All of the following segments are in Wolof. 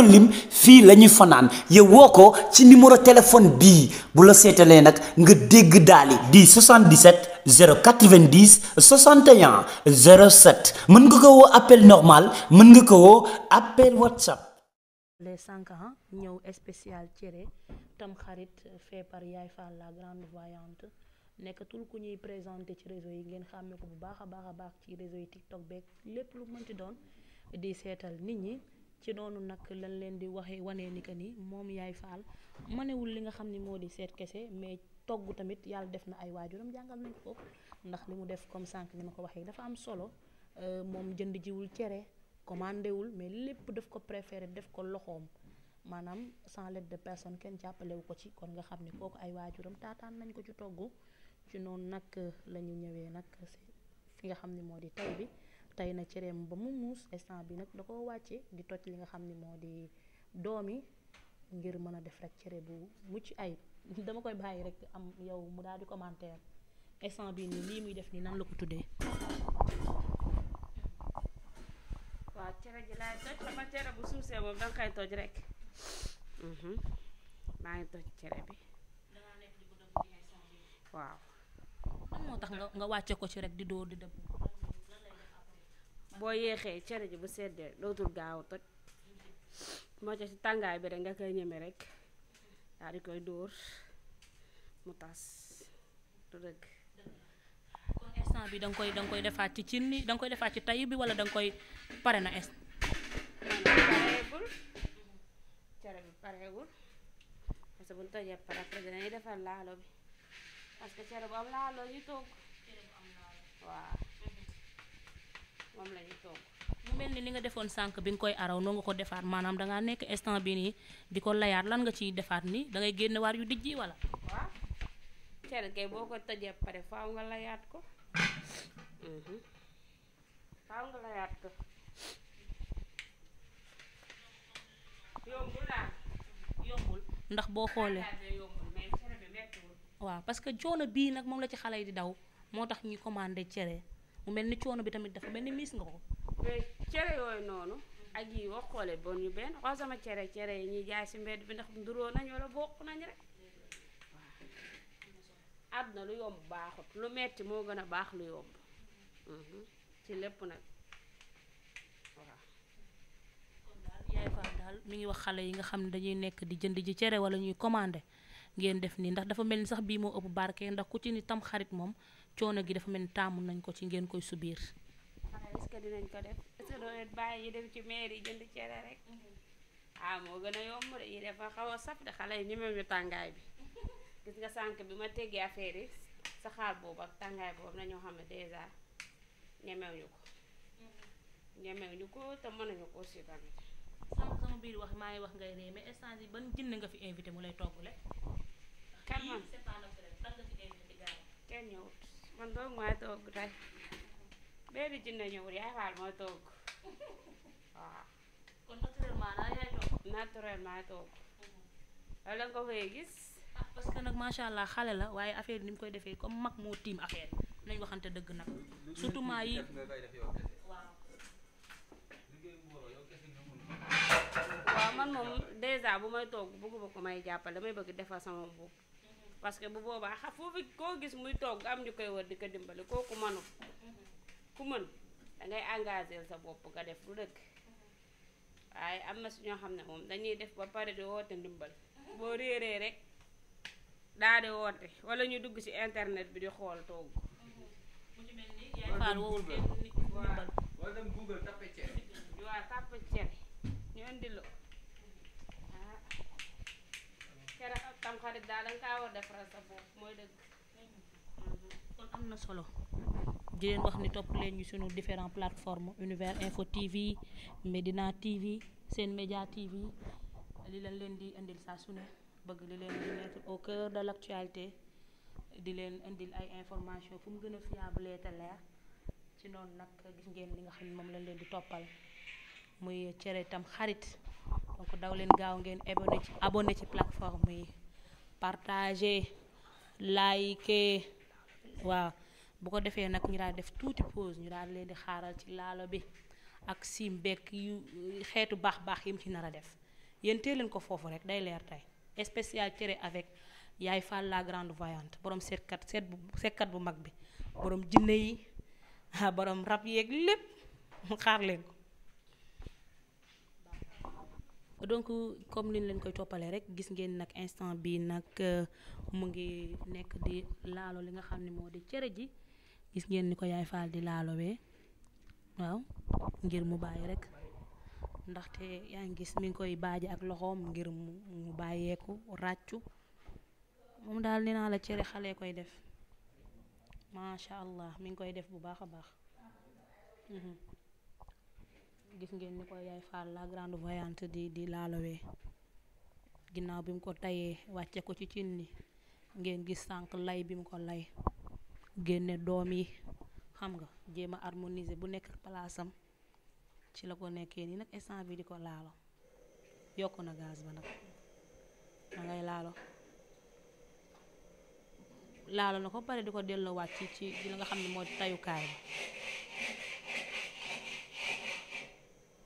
doon lim fii la ñuy fanaan yow woo ko ci numéro téléphone bii bu la seetalee nag nga dégg daali di 77 090 61 07 mën nga ko woo appel normal mën nga ko woo appel whatsapp les sànq ñëw spécial cere tam xarit feebar yaay Fall la grande voyante nekkatul ku ñuy présenter ci réseau yi ngeen xàmme ko bu baax a baax a baax ci réseau yi TikTok beeg lépp lu mënti doon di seetal nit ñi ci noonu nag lañ leen di waxee wanee ni que ni moom yaay faal manewul li nga xam ni moo di seet kese mais togg tamit yàlla def na ay waajuram jàngal nañ ko ndax li mu def comme sànq ni ma ko waxee dafa am solo euh, moom jënd jiwul cere commandé mais lépp daf ko préféré def ko loxoom maanaam sans l'aide de personne kenn jàppalewu ko ci kon nga xam ni ko ay waajuram taataan nañ ko ci togg ci noonu nag euh, la ñu ñëwee nag fi nga xam ni moo di tey bi tey na cereem ba mu muus instant bi nag da koo wàcce di toj li nga xam ni moo di doomi ngir mën a def rek cere bu mucc ay dama koy bàyyi rek am yow mu daal di commentaire instant bi nii lii muy def nii nan la ko tuddee waaw cere ji laay toj sama cere mhm. maa ngi toj cere bi waaw moo tax nga nga wàcce ko ci rek di dóor di dëbb boo yéexee cere ji bu seddee dootul gaaw toj moo ca ci tàngaay bi rek nga koy ñeme rek daal di koy dóor mu tas du dëgg instant bi danga koy danga koy defaat ci cin li danga koy defaat ci tay bi wala danga koy pare na instant cere bi pareegul parce bu ñu tojee pare après dinañuy defar laalo bi parce que cere bu am laalo ñu togg waaw moom la ñuy mel ni li nga defoon sànq bi nga koy araw noo nga ko defaat maanaam da ngaa nekk instant bi nii di ko layaat lan nga ciy defaat nii dangay ngay génne waar yu dijji wala. waaw cere kay boo ko tëjee pare faaw nga layaat ko mhm. ah. ndax boo xoolee waa parce que coono bii nag moom la ci xale yi di daw moo tax ñuy commandé cere. mu mel ni coono bi tamit dafa mel ni miis nga ko. mais cere yooyu noonu. ak yi wax xoole bon ñu benn xool sama cere cere yi ñuy jaay si mbedd bi ndax nduróo nañ wala bokk nañ rek waaw. àdduna lu yomb baaxut lu metti moo gën a baax lu yomb mhm. ci lépp nag waaw. kon daal yaay Fall daal mi ngi wax xale yi nga xam ne dañuy nekk di jënd ji cere wala ñuy commandé. ngeen def nii ndax dafa mel ni sax bii moo ëpp barke ndax ku ci ni tam xarit moom coono gi dafa mel ni taamu nañ ko ci ngeen koy subir. est-ce que dinañ ko def est que doo leen bàyyi dem ci mairie yi jënd cere rek ah moo gën a yomb de yi dafa xaw a saf xale yi ñemewuñu tàngaay bi gis nga sànq bi ma teggee affaire yi saxaar boobu ak tàngaay boobu na ñoo xam ne dèjà ñemewuñu ko ñemewuñu ko te mënuñu ko aussi tamit. sànq sama biir wax maa ngi wax ngay ree mais instant yi ban jinn nga fi invité mu lay toggule kan man kenn ñëwut man doog maa toog tey benn jinne ñëwul yaay faal moo toog waaw. la nga koy gis. Ah, parce nag macha allah xale la waaye affaire ni mu koy defee comme mag moo tiim affaire nañ waxante dëgg nag. surtout maa yi waaw. man moom dèjà bu may toog bëgguma ko may jàppale damay bëgg defar sama mbubb. parce que bu boobaa xa foofu koo gis muy togg am ñu koy war di ko dimbali kooku mënu ku mën da ngay engagé sa bopp nga def lu dëkk waaye am na su ñoo xam ne moom dañuy def ba pare di woote ndimbal boo réeree rek daa di woote wala ñu dugg ci internet bi di xool togg. mu ci mel cere. ñu indi am xarit daal da kaa war defaral sa bopp mooy dëgg. Mhm. kon am na solo. di leen wax ni topp leen ñu sunu différentes plateformes Univers Info TV Medina TV Sen Média TV li leen leen di indil saa su bëgg li leen di mettre au cœur de l'actualité di leen indil ay information fu mu gën a fiable te leer ci noonu nag gis ngeen li nga xam ne moom lañ leen di toppal muy cere itam xarit donc daw leen gaaw ngeen abonné ci abonné ci plateforme yi partager liker waaw bu ko defee nag ñu daal def tuuti pose ñu daal leen di xaaral ci laalo bi ak sim bekk yu xeetu baax baax yi mu ci nar a def yéen leen ko foofu rek day leer tey spécial cere avec yaay Fall la grande voyante borom seetkat seet bu seetkat bu mag bi borom jinne yi borom rab yéeg lépp xaar leen ko. donc comme ni ñu leen koy toppalee rek gis ngeen nag instant bi nag euh, mu ngi nekk di laalo li nga xam ne moo di cere ji gis ngeen ni ko yaay faal di laalowee waaw ngir mu bàyyi rek ndaxte yaa ngi gis mi ngi koy baaje ak loxoom ngir mu mu bàyyeeku ràccu moom daal nee naa la cere xale koy def macha allah mi ngi koy def bu baax a baax. Mhm. gis ngeen ni ko yaay Fall la grande voyante di di laalawee ginnaaw bi mu ko tayee wàcce ko ci cin li ngeen gis sànq lay bi mu ko lay génne doom yi xam nga jéem a harmoniser bu nekk palaasam ci la ko nekkee nii nag instant bi di ko laalo yokk na gaz ba nag da laalo laalo na ko pare di ko delloowaat ci ci li nga xam ne mooy tayukaay bi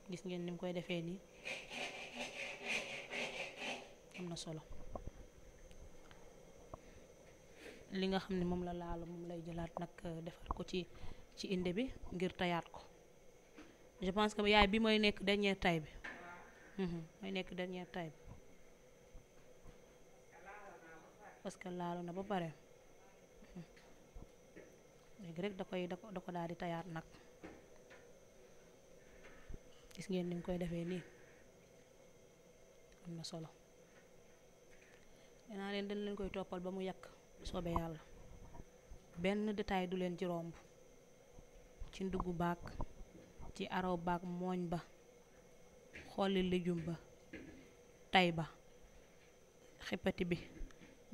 gis ngeen ni mu koy defee nii am na solo li nga xam ne moom la laalo moom lay jëlaat nag euh, defar ko ci ci inde bi ngir tayaat ko je pense que yaay bi mooy nekk dernier tay bi mhm, mooy nekk dernier tay bi parce que laalo na ba pare mhm. léegi rek da koy da ko da di tayaat nag gis ngeen ni mu koy defee nii am na solo danaa leen dañ leen koy toppal ba mu yàkk soobe yàlla benn détail du leen ci romb ci ndugg baag ci araw baag mooñ ba xolli lijum ba tay ba xippati bi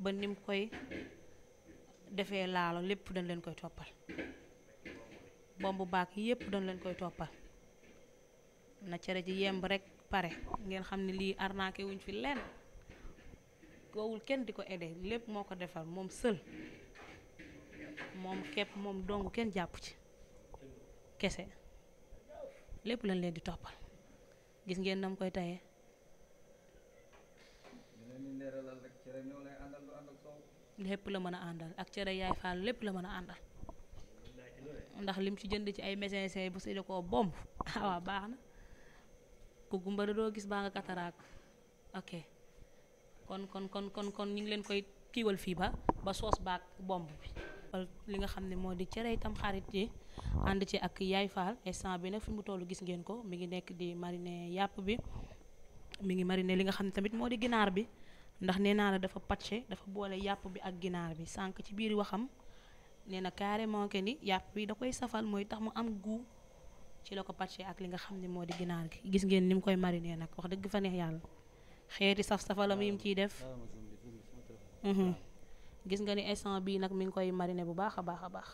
ba nim koy defee laalo lépp dañ leen koy toppal bomb baag yépp dañ leen koy toppal na cere ji yemb rek pare ngeen xam ne lii arnaqué wuñ fi lenn goowul kenn di ko aidé lépp moo ko defar moom sël moom képp moom dong kenn jàpp ci kese lépp lañ leen di toppal gis ngeen nam koy tayee lépp la mën a àndal ak cere yaay faal lépp la mën a àndal ndax lim ci jënd ci ay mécanicien bu si da koo bomb awaa baax na ku gumba da doo gis baa nga kataraak ok kon kon kon kon kon ñu ngi leen koy kiiwal fii ba ba soos baak bomb bi li nga xam ne moo di cere itam xarit yi ànd ci ak yaay faal instant bi nag fi mu toll gis ngeen ko mi ngi nekk di marine yàpp bi mu ngi marine li nga xam ne tamit moo di ginaar bi ndax nee naa dafa pàcce dafa boole yàpp bi ak ginaar bi sànq ci biir waxam nee na carrément ni yàpp bi da koy safal mooy tax mu am goût ci la ko pàccee ak li nga xam ne moo di ginaar gi gis ngeen ni mu koy mariner nag wax dëgg fa neex yàlla xeeti saf-safalam yi mu ciy def mhm. gis nga ni instant bii nag mi ngi koy marine bu baax a baax a baax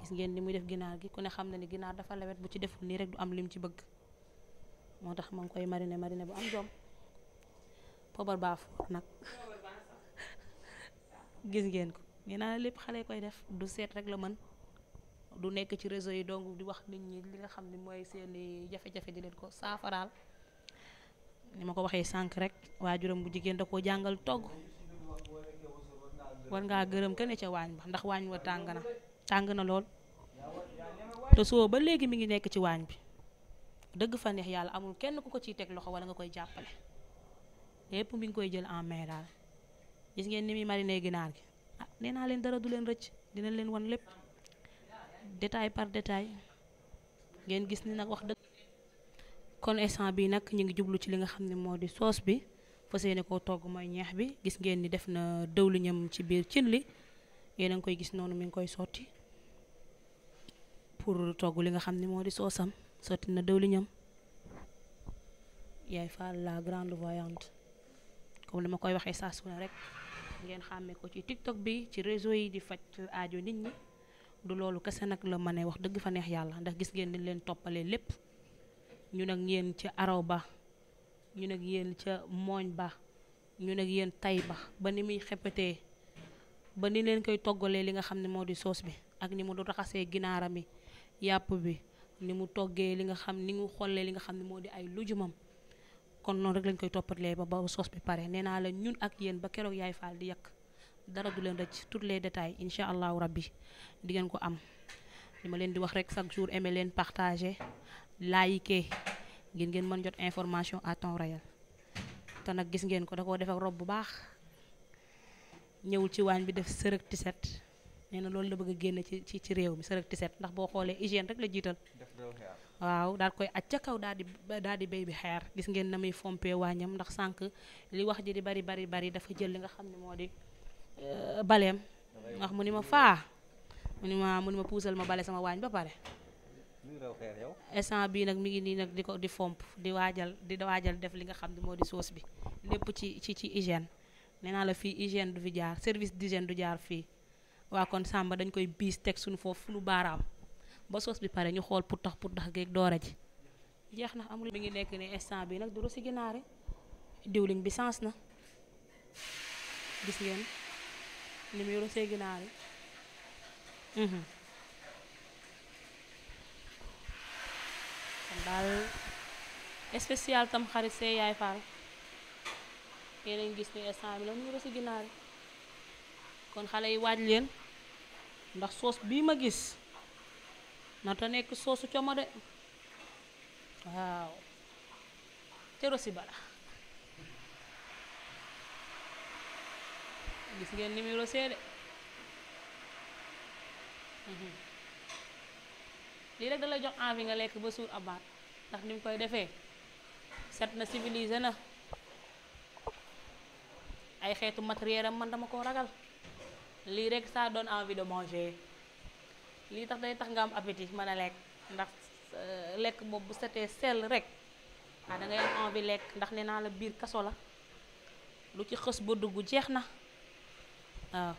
gis ngeen ni muy def ginaar gi ku ne xam na ni ginaar dafa lawet bu ci deful nii rek du am lim ci bëgg moo tax ma ngi koy mariner mariner bu am jom poobar baax nag gis ngeen ko nee lépp xale koy def du seet rek la mën du nekk ci réseau yi donc di wax nit ñi li nga xam ne mooy seeni jafe-jafe di leen ko saafaraal ni ma ko waxee sànq rek waajuram bu jigéen da koo jàngal togg war ngaa gërëm kenn ca waañ ba ndax waañ wa tàng na tàng na lool te soo ba léegi mi ngi nekk ci waañ bi dëgg fa neex yàlla amul kenn ku ko ciy teg loxo wala nga koy jàppale yépp mi ngi koy jël en main daal gis ngeen ni muy mariner ginaar gi ah nee naa leen dara du leen rëcc dina leen wan lépp détail par détay ngeen gis ni nag wax dëgg. kon instant bi nag ñu ngi jublu ci li nga xam ne moo di soos bi fas yéene koo togg mooy ñeex bi gis ngeen ni def na dëwliñam ci biir cin li yéen a ngi koy gis noonu mi ngi koy sotti pour togg li nga xam ni moo di soosam sotti na dëwliñam yaay Fall la grande voyante comme li ma koy waxee saa su ne rek ngeen xàmmee ko ci tiktok bi ci réseau yi di faj aajo nit ñi du loolu kese nag la mënee wax dëgg fa neex yàlla ndax gis ngeen ni leen toppalee lépp ñu nag yéen ca araw ba ñu nag yéen ca mooñ ba ñu nag yéen tay ba ba ni muy xeppatee ba ni leen koy toggalee li nga xam ne moo di soos bi ak ni mu du raxasee ginaaram yi yàpp bi ni mu toggee li nga xam ni mu xollee li nga xam ne moo di ay lujumam kon noonu rek lañ koy toppalee ba ba soos bi pare nee naa la ñun ak yéen ba keroog yaay faal di yàq dara du leen rëcc tout les détails incha allahu rabbi di ngeen ko am li ma leen di wax rek chaque jour aimé leen partagé liké ngir ngeen man jot information à temps te nag gis ngeen ko da koo def rob bu baax ñëwul ci waañ bi def sërëg tiset nee na loolu la bëgg a génn ci ci ci réew mi sërëg tiset ndax boo xoolee hygiène rek la jiital waaw daal koy aj dal daal di bay di béy bi xeer gis ngeen na muy fompee waañam ndax sànq li wax ji di bari bari bari jël li nga xam ne moo di Euh, baleem wax mu ni ma faa mu ni ma mu ma puusal ma bale sama waañ ba pare instant bii nag mi ngi nii nag di ko di fomp di waajal di waajal def li nga xam ne moo di soos bi lépp ci ci ci hygiène nee naa la fii hygiène du fi jaar service d'hygiène du jaar fii waa kon Samba dañ koy biis teg suñu foofu lu baaraam ba soos bi pare ñu xool pour tax pour tax geeg doora ji jeex na amul mi ngi nekk ni instant bii nag duro si ginaare diwlin bi sens na gis ngeen numéro Seydina Ali mm-hmm. kon daal spécial tam xarit see yaay Fall yeneen gis ni instant bi la si ginaar yi kon xale yi waaj leen ndax soos bii ma gis na te nekk soosu como de waaw cero si bala gis ngeen ni muy de mhm. lii rek da lay jox envie nga lekk ba suur abaat ndax ni mu koy defee set na civilisé na ay xeetu matériel am man dama koo ragal lii rek ça donne envie de manger lii tax day tax nga am appétit mën a lekk ndax euh, lekk boobu bu setee sel rek ah da envie lekk ndax ne naa la biir kaso la lu ci xës ba dugg jeex na. waaw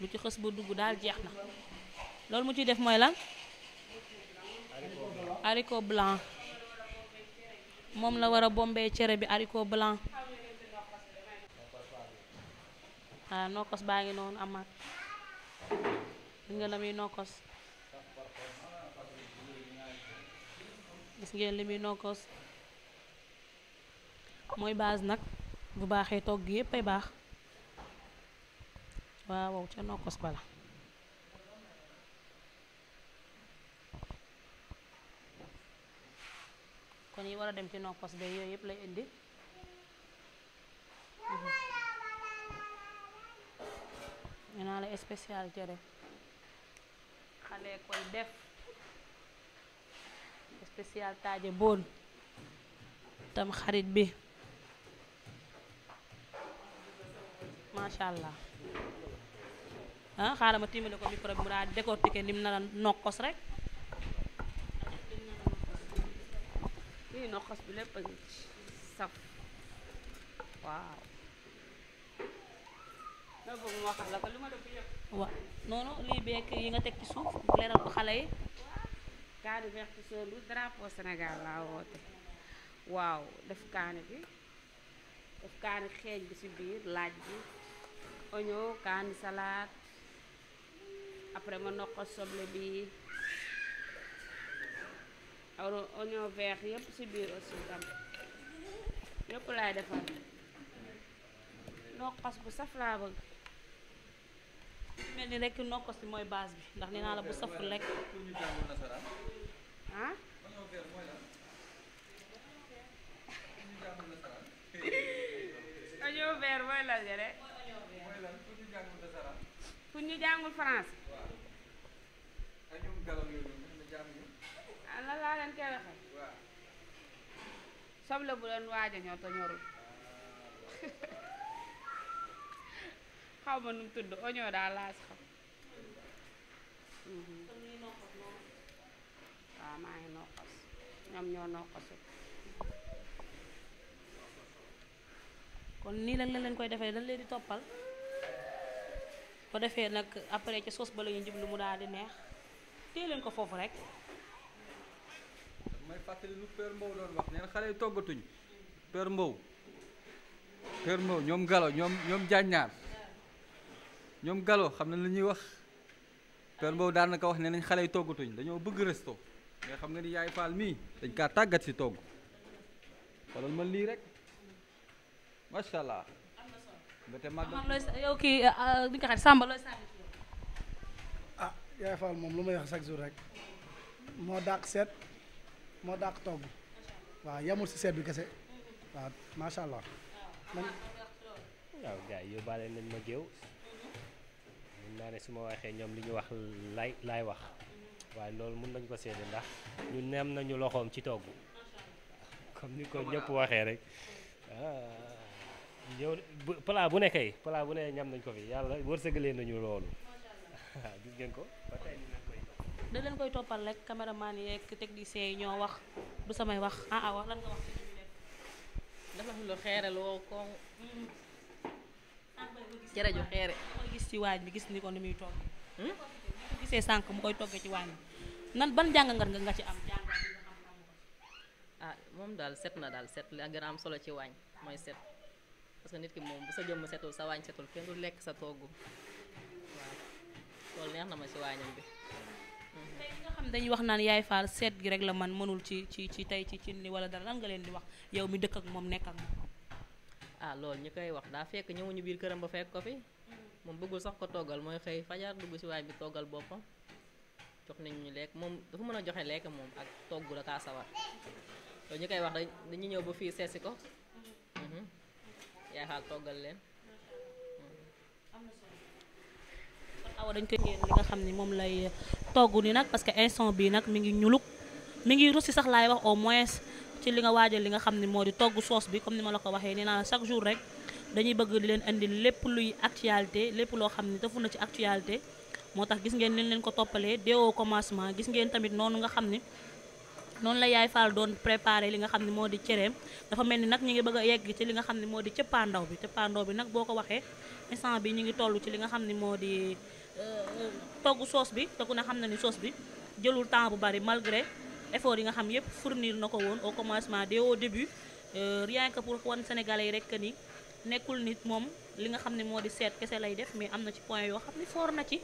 lu ci xës ba dugg daal jeex na loolu mu ciy def mooy la ariko blanc moom la war a bombee cere bi ariko blanc waaw ah, nokkos baa ngi noonu amaat gis nga la muy nokkos gis ngeen li muy nokkos mooy base nag bu baaxee togg yépp ay baax waaw ca nokkos bala kon yi war a dem ci nokkos be yooyu yëpp lay indi mhm. ñu naa la spécial cere xale koy def spécial taaje bool tam xarit bi macha allah ah xaaral ma tiimale ko micro bi mu daal décortiquer lim na la nokkos rek lii nokkos bi lépp a ngi ci saf waaw noonu lii bekk yi nga teg ci suuf leeral ko xale yi kaani verte soo lu drapeau Sénégal laa woote waaw def kaani bi def kaani xeej bi ci biir laaj bi oignon kaani salade après ma noqos soble bi oignon vert yëpp ci biir aussi tam yëpp laay defar noqos bu saf laa bëgg mel ni rekk noqos bi mooy base bi ndax nee naa la bu saful rekk ah oignon vert mooy lan rek fu ñu jàngul français. waaw ak ah, laa leen koy soble bu doon waaj a ñor te ñorul. xaw ma nu tudd oñoo daal laa si xam. Mhm. waaw maa ngi noqos ñoom ñoo noqosu. kon nii lan la leen koy defee dañ leen di toppal. ko defee nag après ca soos ba la ñuy jublu mu daal di neex téye leen ko foofu rek. may fàttali lu Père Mbow doon wax neen xale yi toggatuñ Père Mbow Père Mbow ñoom galo ñoom ñoom jàññaar ñoom galo xam na lu ñuy wax Père Mbow ko wax ne nañ xale yi toggatuñ dañoo bëgg resto mais xam nga ni yaay faal mii dañ kaa tàggat si togg xoolal ma lii rek macha yow kii li ah, ah, nga xam Samba looy sànni ah yaay Fall moom lu may wax chaque jour rek moo dàq seet moo dàq togg waaw yamul si seet bi kese waaw macha allah. waaw gars yi yóbbaale nañ ma géew mun naa ne su ma waxee ñoom li ñu wax lay laay wax waaye loolu mun nañ ko seede ndax ñu nem nañu loxoom ci togg comme ni ko ñëpp waxee rek ah. yow plat bu nekkee kay bu ne ñam nañ ko fi yàlla wërsëgalee nañu loolu waaw gis ngeen ko ba leen koy toppal leen koy toppal rek caméraman yi ñoo wax du samay wax ah ah xeere loo ko mm. ah, jërëjëf gis ci waañ bi gis ni ko ni muy togg hmm? ni sànq mu koy ci waañ nan ban jàngangat nga nga ci am jàngat ah moom daal set na daal set la gën a am solo ci waañ mooy set parce que nit ki moom bu sa jëmm setul sa waañ setul kenn du lekk sa togg waaw loolu neex na ma ci waañam bi. tey nga xam dañuy wax naan yaay faal seet gi rek la man mënul ci ci ci tey ci ci li wala dara nga leen di wax yow mi dëkk ak moom nekk ak moom. ah loolu ñu koy wax daa fekk ñëwuñu biir këram ba fekk ko fi. moom bëggul sax ko toggal mooy xëy fajar dugg ci waañ bi toggal boppam jox nañ ñu lekk moom dafa mën a joxe lekk moom ak togg la kaa sawar loolu ñu koy seesi ko. Mm-hmm. Mm-hmm. yaa xaal toggal leen awa dañ koy ngeen li nga xam ni moom lay togg ni nag parce que instant bi nag mi ngi ñuluk mi ngi russi sax laay wax au moins ci li nga waajal li nga xam ni moo di togg soos bi comme ni ma la ko waxee nee naa la chaque jour rek dañuy bëgg di leen indi lépp luy actualité lépp loo xam ni defu na ci actualité moo tax gis ngeen leen leen ko toppalee dès commencement gis ngeen tamit noonu nga xam ni noonu la yaay Fall doon préparé li nga xam ne moo di cereem dafa mel ni nag ñu ngi bëgg a yegg ci li nga xam ne moo di cëppaandaw bi cëppaandaw bi nag boo ko waxee instant bi ñu ngi toll ci li nga xam ne moo di euh, togg soos bi te ku ne xam na ni soos bi jëlul temps bu bari malgré effort yi nga xam yëpp fournir na ko woon o commencement dès au début euh, rien que pour wan sénégalais yi rek ni nekkul nit moom li nga xam ne moo di seet kese lay def mais am na ci point yoo xam ne foor na ci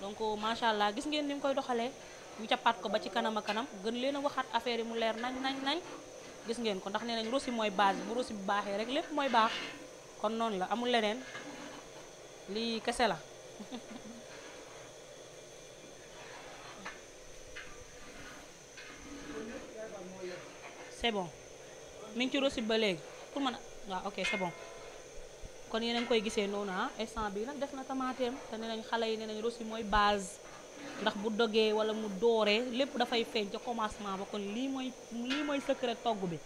donc euh, macha allah gis ngeen ni mu koy doxalee. ñu cappaat ko ba ci kanam a kanam gën leen a waxaat affaire yi mu leer nañ nañ nañ gis ngeen ko ndax nee nañ rosi mooy base bu rosi baaxee rek lépp mooy baax kon noonu la amul leneen lii kese la c'est bon mi ngi ci rosi ba léegi pour mën a waaw ok c'est koy gisee noonu ah instant bi nag def na tamaateem te nee nañ xale yi nee nañ rosi mooy base ndax bu dogee wala mu dooree lépp dafay feeñ ca commencement ba kon lii mooy lii mooy secret togg bi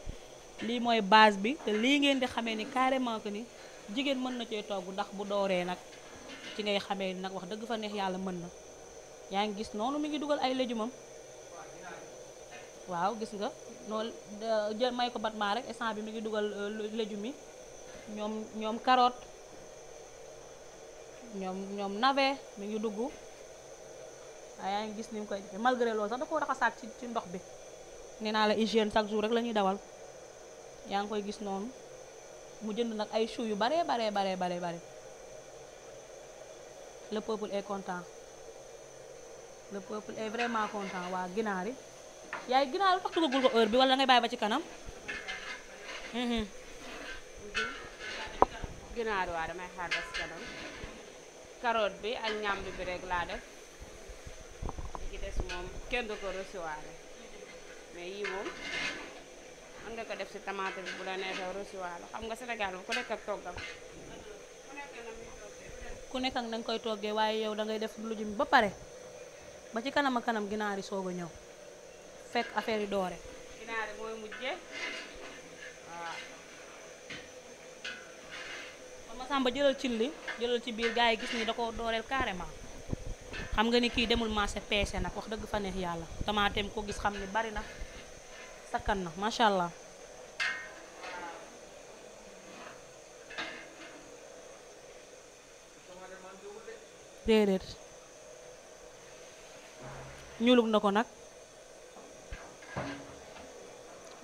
lii mooy base bi te lii ngeen di xamee ni carrément que ni jigéen mën na cee togg ndax bu dooree nag ci ngay xamee nag wax dëgg fa neex yàlla mën na yaa ngi gis noonu mi ngi dugal ay léjumam waaw gis nga noonu euh, jël may ko batmaa rek instant bi mi ngi dugal euh, léjum yi ñoom ñoom karoot ñoom ñoom navet mi ngi dugg waaye ah, yaa ngi gis ni mu koy defee malgré loolu sax da raxasaat ci ci ndox bi nee naa la hygiène chaque jour rek la dawal yaa ngi koy gis noonu mu jënd nag ay chou yu baree baree baree baree bare le peuple est content le peuple est vraiment content waa ginaar yi yaay ginaar yi tax ko heure bi walla da ngay bàyyi ba ci kanam mhm. ginaari waa damay xaar ba ci kanam carotte bi ak ñàmbi bi rek laa def moom kenn ko recevoir mais yii moom mën nga ko def si tamaate bi bu la neexee recevoir xam nga Sénégal bu ku nekk ak toggam ku nekk ak na nga koy toggee waaye yow dangay ngay def lu ba pare ba ci kanam kanam ginaar yi soog a ñëw fekk affaire yi doore ginaar yi mooy mujjee waaw kon sàmba jëlal cin li jëlal ci biir gaa yi gis ni da ko dooreel carrément xam nga ni kii demul marché peese nag wax dëgg fa neex yàlla tamaateem ko gis xam ni bari na sakkan na macha allah. déedéet ñuulug na ko nag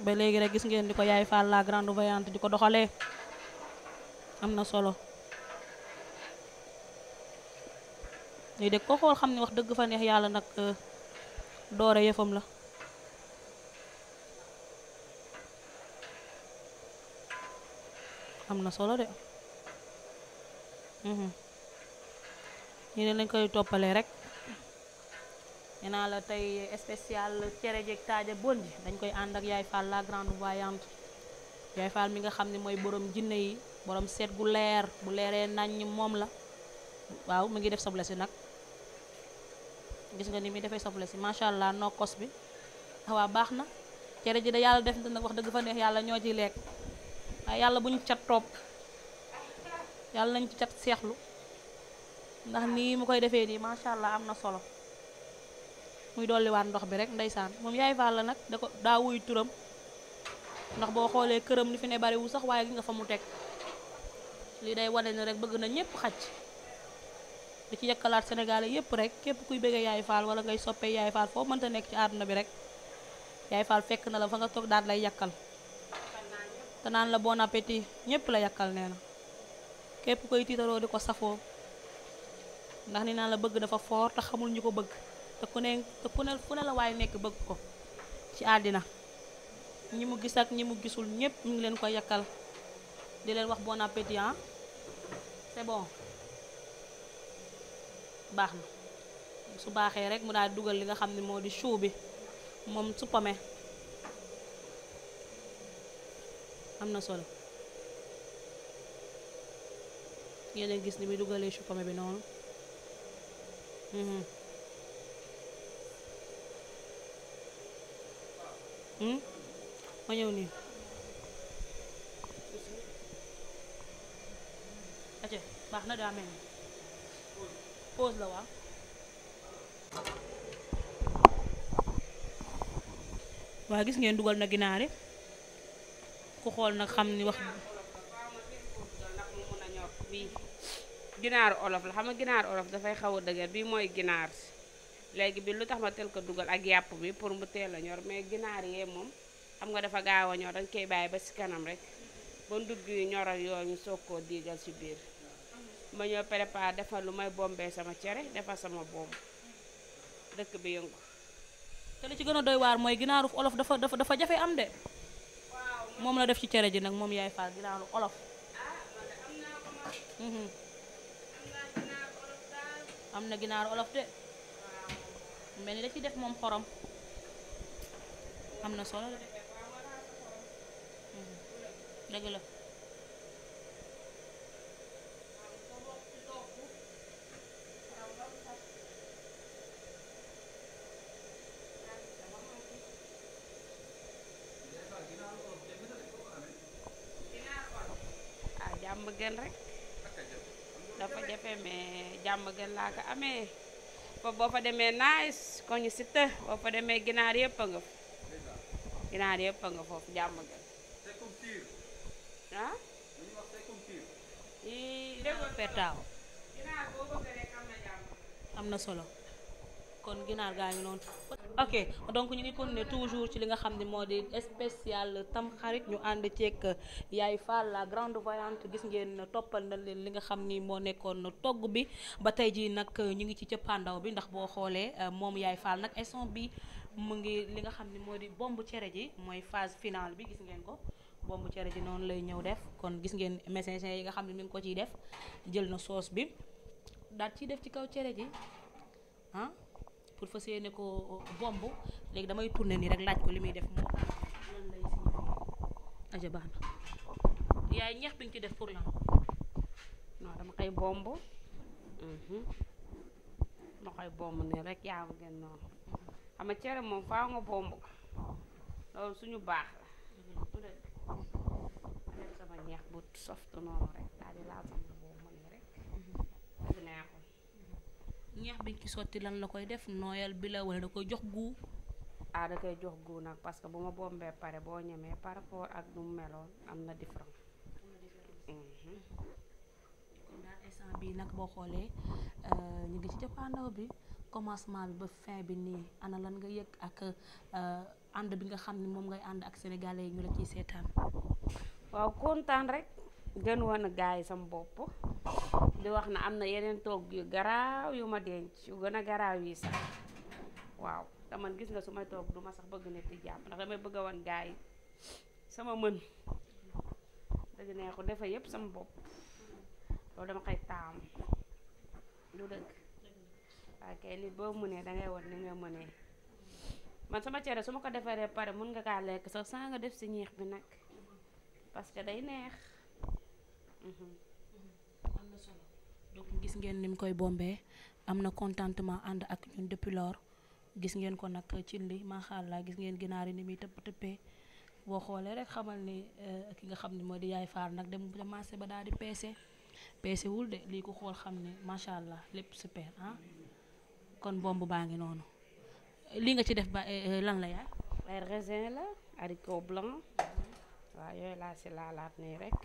ba léegi rek gis ngeen di ko yaay Fall la grande voyante di ko doxalee am na solo. day de ko xool xam ne wax dëgg fa neex yàlla nag euh, doore yëfam la am na solo de ñu ne lañ koy toppalee rek nee naa la tey spécial cere jeeg taaja bon ji dañ koy ànd ak yaay Fall la grande voyante yaay Fall mi nga xam ni mooy boroom jinne yi boroom seet gu leer bu leeree nañ moom la waaw mu ngi def soble si nag gis nga ni muy defee soble si macha allah nokkos bi waaw baax na cere ji da yàlla def na nag wax dëgg fa neex yàlla ñoo ciy lekk waaye yàlla bu ñu cat topp yàlla nañ ci cat seexlu ndax nii mu koy defee nii macha allah am na solo muy dolliwaat ndox bi rek ndeysaan moom yaay Fall la nag da ko daa wuy turam ndax boo xoolee këram li fi ne bariwu sax waaye gi nga fa mu teg lii day wane ne rek bëgg na ñépp xaj di ci yëkkalaat sénégalais yépp rek képp kuy bëggee yaay faal wala ngay soppee yaay faal foo mënta nekk ci àdduna bi rek yaay faal fekk na la fa nga toog daal lay yàkkal te naan la bon appétit ñépp la yàkkal nee képp koy tiitaroo di ko safoo ndax ni naan la bëgg dafa foor te xamul ñu ko bëgg te ku ne te ku ne la waaye nekk bëgg ko ci àddina ñi mu gis ak ñi mu gisul ñépp ñu ngi leen ko yàkkal di leen wax bon appétit ah c'est bon baax na su baaxee rek mu daal di dugal li nga xam ne moo di chou bi moom su am na sol yéen gis ni muy dugalee chou bi noonu hmm? Hmm? ma ñëw nii ace baax na daa mel pause la waaw waa gis ngeen dugal na ginaar yi ku xool nag xam ni wax ginaaru olof la xam nga ginaaru olof dafay xaw a dëgër bii mooy ginaar si léegi bi lu tax ma tel ko dugal ak yàpp bi pour mu teel a ñor mais ginaar yee moom xam nga dafa gaaw a ñor dañ koy bàyyi ba ci kanam rek ba ndugg yu ñor ak yooyu soog koo diigal ci biir ma ñëw préparé defar lu may bombee sama cere defar sama bomb dëkk bi yëngu. te li ci gën a doy waar mooy ginaaru olof dafa dafa dafa jafe am de. moom la def ci cere ji nag moom yaay faal ginaaru olof. Ah, mhm. am na ginaaru olof de. mel ni la ciy def moom xorom. am na solo de. Mhm. dëgg la. gën rek dafa jafe mais jàmm gën laa ko amee foofu boo fa demee naaj ko ñu të boo fa demee ginaar yëpp nga fa ginaar yëpp a nga foofu jàmm gën ah i dégg pertaaw ginaar boo am na solo kon ginaar gaa ngi noonu. ok donc ñu ngi continuer toujours ci li nga xam ne moo di spécial tamxarit ñu ànd ceeg yaay Fall la grande voyante gis ngeen toppal na leen li nga xam ni moo nekkoon togg bi ba tey jii nag ñu ngi ci cëppaandaw bi ndax boo xoolee euh, moom yaay Fall nag instant bi mu ngi li nga xam ni moo di bomb cere ji mooy phase finale bi gis ngeen ko. bombu cere ji noonu lay ñëw def kon gis ngeen messager yi nga xam ne mi ngi ko ciy def jël na sauce bi daal ciy def ci kaw cere ji ah. pour fas ne ko euh, bomb léegi damay turne nii rek laaj ko li muy def moom lan lay signifié yaay ñeex bi nga ci def pour lan non dama koy bomb mhm. ma koy bomb nii rek yaa ma gën noonu xam nga cere moom faaw nga bomb ko loolu suñu baax la ma ñeex biñ ci sotti lan la koy def nooyal bi la wala da koy jox gu ah da koy jox guu nag parce que bu ma bombee pare boo ñemee par rapport ak nu mu meloon am na différence. am na différence. Mhm. bii nag boo xoolee euh, ñu ngi ci jëppaandaw bi commencement bi ba fin bi nii ana lan nga yëg ak euh, ànd bi nga xam ni moom ngay ànd ak sénégalais yi ñu la ciy seetaan. waaw kontaan rek gën woon gaay sama bopp. di wax na am na yeneen toog yu garaaw yu ma denc yu gën a garaaw yi sax waaw te man gis nga su ma toog duma sax bëgg nit di jàpp ndax damay bëgg a wan gars yi sama mën dëgg neexul dafa yépp sama bopp loolu dama koy taam lu dëgg waaye kay nit boo mënee dangay wan ni nga mënee man sama cere su ma ko defaree pare mun nga kaa lekk sax saa nga def si ñeex bi nag parce que day neex mhm. donc gis ngeen ni mu koy bombee am na contentement ànd ak ñun depuis lors gis ngeen ko nag cin li macha gis ngeen ginaar yi ni muy tëpp tëppee boo xoolee rek xamal ni euh, ki nga xam ne moo di yaay faar nag dem ba marché ba daal di peese peese de lii ko xool xam ne macha allah lépp super ah kon bomb baa ngi noonu li nga ci def ba euh, euh, lan la yaay. ay la haricot blanc waaw yooyu laa si laalaat nii rek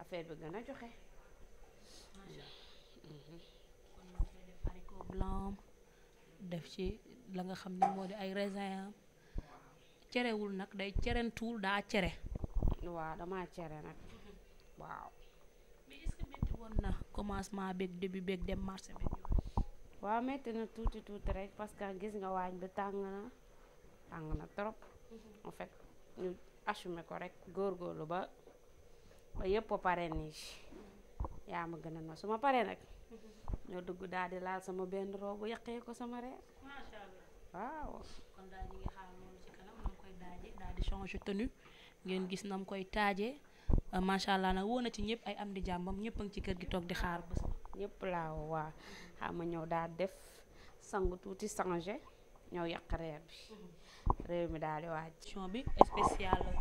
affaire bi gën a joxe. def ci la nga xam ne moo di ay raisin cerewul nag day cerentuwul daa cere waaw damaa cere nag waaw mais na commencement beeg début beeg dem tuuti tuuti rek parce que gis nga waañ bi tàng na tàng na trop mhm. en fait ñu assumé ko rek góorgóorlu ba ba yëpp pare nii yaa ma gën a no su ma paree nag ñoo dugg daal di laal sama benn roobu yaqee ko sama reer waaw kon daal di change tenue ngeen gis nam koy taajee euh, macha allah nag woo na ci ñëpp ay am di jàmbam ñëpp a ci kër gi toog di xaar bés ñëpp laa waa xam nga ñëw daal def sangu tuuti changé ñëw yàq reer bi mm-hmm. réew mi daal di waaj émission bi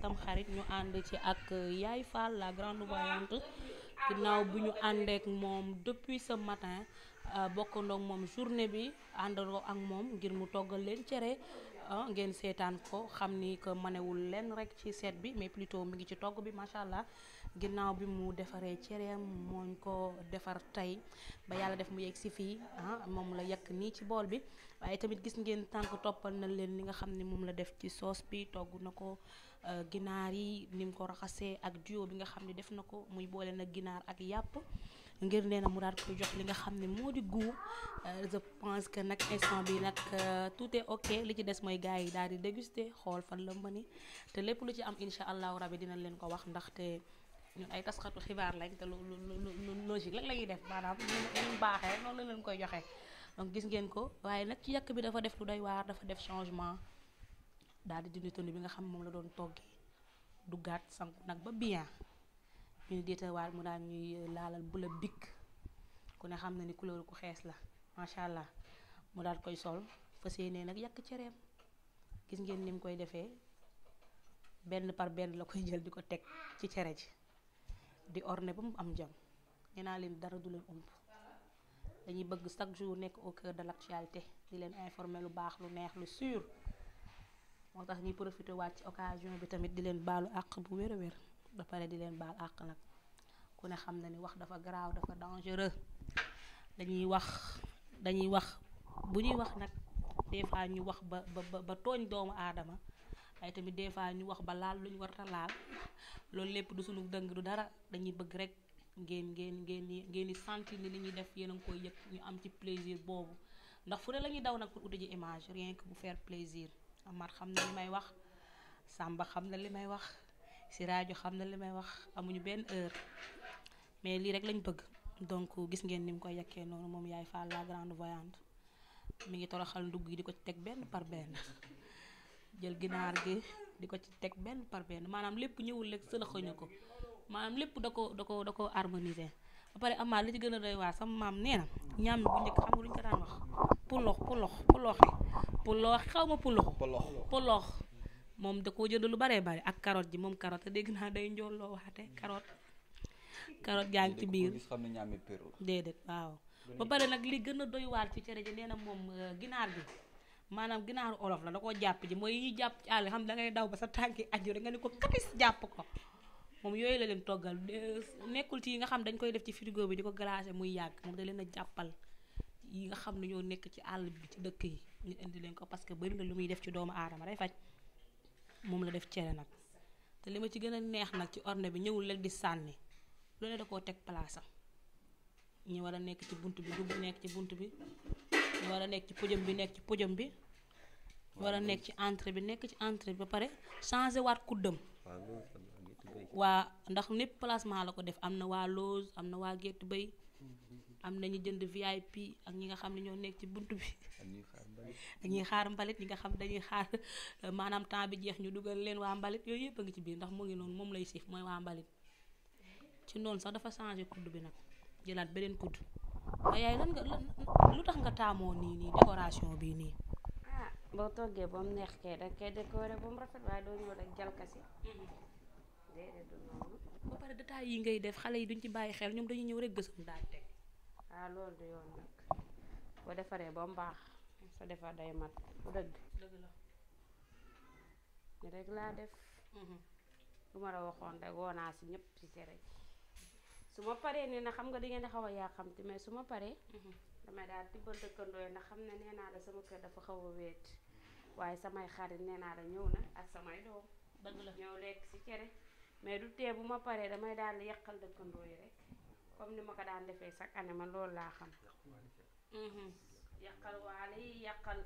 tam xarit ñu ànd ci ak Yaay Fall la grande voyante ginnaaw bu ñu àndeek moom depuis ce matin euh, bokkandoog moom journée bi àndandoo ak moom ngir mu toggal leen cere ah, ngeen seetaan foo xam ni que manewul lenn rek ci seet bi mais plutôt mi ngi ci togg bi macha allah ginnaaw bi mu defaree cereem mooñ ko defar tey ba yàlla def mu yegg si fii ah, moom la yekk nii ci bool bi waaye tamit gis ngeen tànk toppal na leen li nga xam ni moom la def ci soos bi togg na ko. Euh, ginaar yi ni mu ko raxasee ak duo bi nga xam ne def na ko muy boole nag ginaar ak yàpp ngir nee mu daat ko jox li nga xam ne moo di goût euh, je pense que nag instant bi nag euh, tout est ok li ci des mooy gars yi daal di dégusté xool fan la ni te lépp lu ci am incha allahu rabi dinañ leen ko wax ndaxte ñun ay taskatu xibaar lañ te lu lu lu logique lan la def maanaam ñu baaxee noonu la leen koy joxe donc gis ngeen ko waaye nag ci yàq bi dafa def lu day waar dafa def changement daal di dindi bi nga xam moom la doon toggee duggaat sangu nag ba bien ñu ni déetawaat mu daal ñuy euh, laalal bu la bikk ku ne xam na ni couleur ku xees la macha allah mu daal koy sol fas yéene nag yàq cereem gis ngeen ni mu koy defee benn par benn la koy jël di ko teg ci cere ji di orne ba mu am jam nee naa leen dara du leen ump dañuy bëgg chaque jour nekk au cœur de l'actualité di leen informé lu baax lu neex lu sûr moo tax ñi profité waat ci occasion bi tamit di leen baalu àq bu wér a wér ba pare di leen baal àq nag ku ne xam na ni wax dafa garaaw dafa dangereux dañuy wax dañuy wax bu ñuy wax nag des ñu wax ba ba tooñ doomu aadama ay tamit des fois ñu wax ba laal lu ñu warta laal loolu lépp du sunu dëng du dara dañuy bëgg rek ngeen ngeen ngeen ngeen di sentir ni li ñuy def yéen a ngi koy yëg ñu am ci plaisir boobu ndax fu ne la ñuy daw nag pour uti ji image rien que bu faire plaisir. Amar xam na li may wax Samba xam na li may wax si rajo xam na li may wax amuñu benn heure mais lii rek lañ bëgg donc gis ngeen ni mu koy yakkee noonu moom yaay Fall la grande voyante mi ngi toroxal ndugg yi di ko ci teg benn par benn jël ginaar gi di ko ci teg benn par benn maanaam lépp ñëwul rek sëlëxëñu ko maanaam lépp da ko da ko da ko harmoniser ba pare Amar li ci gën a doy waa sama maam nee na ñaam bu njëkk xam ñu ko daan wax pulox pulox puloox xaw ma puloox puloox moom da koo jënd lu baree bari ak karoot ji moom carotte te dégg naa day njool loo waxate carotte carotte yaa ngi ci biir déedéet waaw ba pare nag li gën a doywaat ci cere ji nee na moom euh, ginaar bi maanaam ginaaru olof la da koo jàpp ji mooy yi jàpp ci àll xam da ngay daw ba sa tànki aju rek nga ne ko katis jàpp ko moom yooyu la leen toggal nekkul ci yi nga xam dañ koy def ci frigo bi di ko glacé muy yàgg moom da leen a jàppal yi nga xam ne ñoo nekk ci àll bi ci dëkk yi ñu indi leen ko parce que bëri na lu muy def ci doomu aadama day faj moom la def cere nag te li ma ci gën a neex nag ci orne bi ñëwul rek di sànni loolu da koo teg palaasam ñu war a nekk ci bunt bi nekk ci bunt bi ñu war a nekk ci pojom bi nekk ci pojom bi war a nekk ci entrée bi nekk ci entrée bi ba pare changé waat kuddam waa ndax népp placement la ko def am na waa loge am na waa gétt bay am nañu jënd VIP ak ñi nga xam ne ñoo nekk ci bunt bi dañuy xaar mbalit ñi nga xam dañuy xaar euh, maanaam temps bi jeex ñu dugal leen waa mbalit yooyu yëpp a ngi ci biir ndax mu ngi noonu moom lay siif mooy waa mbalit ci noonu sax dafa changé kudd bi nag jëlaat beneen kudd waaye yaay lan nga lu tax nga taamoo nii nii décoration bii nii ah boo toggee ba mu neex kay da kay décoré rafet waaye doo ñëw rek jalkasi mm-hmm. déedéet du noonu def xale yi duñ ci bàyyi xel ñoom dañuy ñëw rek gësum daa teg ah loolu du yoon nag boo defaree ba mu baax sa defar day mat bu dëgg. dëgg la. ni laa def. Mhm. lu ma la waxoon rek woo naa si ñëpp si cere su ma paree nee na xam nga di ngeen di xaw a yaa xam mais su ma paree. Mhm. damay daal tibbal dëkkandoo yi ndax xam ne nee naa la sama kër dafa xaw a weet waaye samay xarit nee naa la ñëw na ak samay doom. dëgg la ñëw lekk si cere mais du tee bu ma paree damay daal di yàqal dëkkandoo yi rek. comme ni ma ko daan defee chaque année man loolu laa xam. yàqal waale yi yàqal.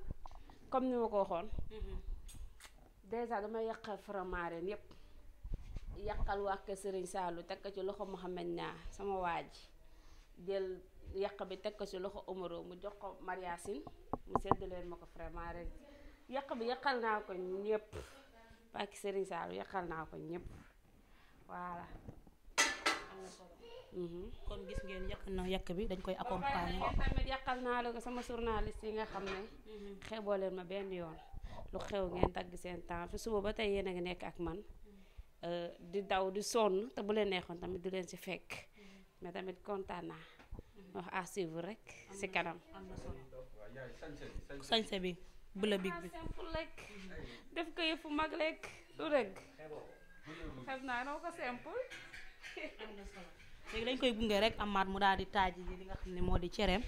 comme ni ma ko waxoon. Mhm. dèjà damay yàqal Faramareen yépp yàqal waa kër Serigne Sallou teg ko ci loxo Mouhamed naa sama waa ji jël yàq bi teg ko ci loxo Omaro mu jox ko Mariasine mu sedd leen ma ko Faramareen yàq bi yàqal naa ko ñëpp waa kër Serigne Sallou naa ko ñëpp voilà. Mm-hmm. kon gis ngeen yàq na yàq bi dañ koy accompagner. tamit naa la ko sama journaliste yi nga xam ne. Mm-hmm. xeboo leen ma benn yoon. lu xew ngeen dagg seen temps fi suba ba tey yéen a ngi nekk ak man. Mm-hmm. Euh, di daw di sonn te bu leen neexoon tamit du leen ci fekk. mais tamit kontaan naa. wax à rek. si kanam. sañse bi bële bi bi. def ko yëfu mag rek du rek. xam naa noo ko simple. léegi lañ koy gunge rek amaat mu daal di taaj yi li nga xam ne moo di cereem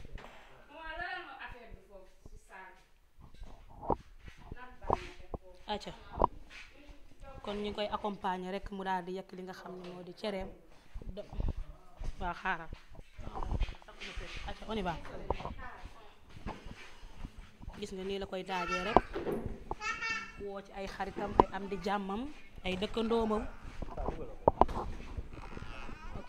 acca kon ñu koy accompagner rekk mu daal di yekk li nga xam ne moo di cereem waaw xaaral acca on gis nga nii la koy taajee rek woo ci ay xaritam ay am di jàmmam ay dëkkandoomam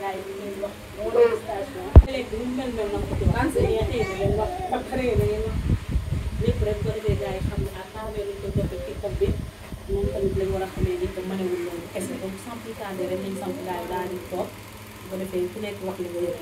gars yi ñu wax ba wala station. léegi bu ñu mel mel na ko ci wax. da ngeen wax ba xale yi da ngeen wax lépp rek ko defee gars yi xam ne à travers lu ko jotee ci xob bi moom tamit lañ war a xamee ni que mënewul loolu kese donc sans plus tarder rek nañ samp gars yi daal di toog bu ko defee ku nekk wax li nga yëg.